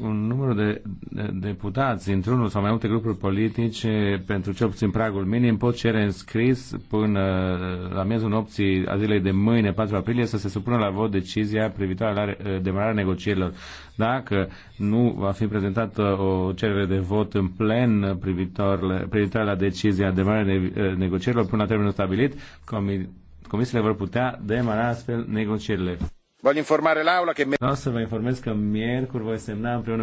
un număr de deputați într-unul sau mai multe grupuri politice pentru cel puțin pragul minim pot cere înscris până uh, la miezul nopții a zilei de mâine, 4 aprilie, să se supună la vot decizia privitoare la uh, demararea negocierilor. Dacă nu va fi prezentată o cerere de vot în plen privitoare, la decizia demararea uh, negocierilor până la termenul stabilit, comisiile vor putea demara astfel negocierile. Vă informare l'aula că... Vreau să vă informez că miercuri voi semna împreună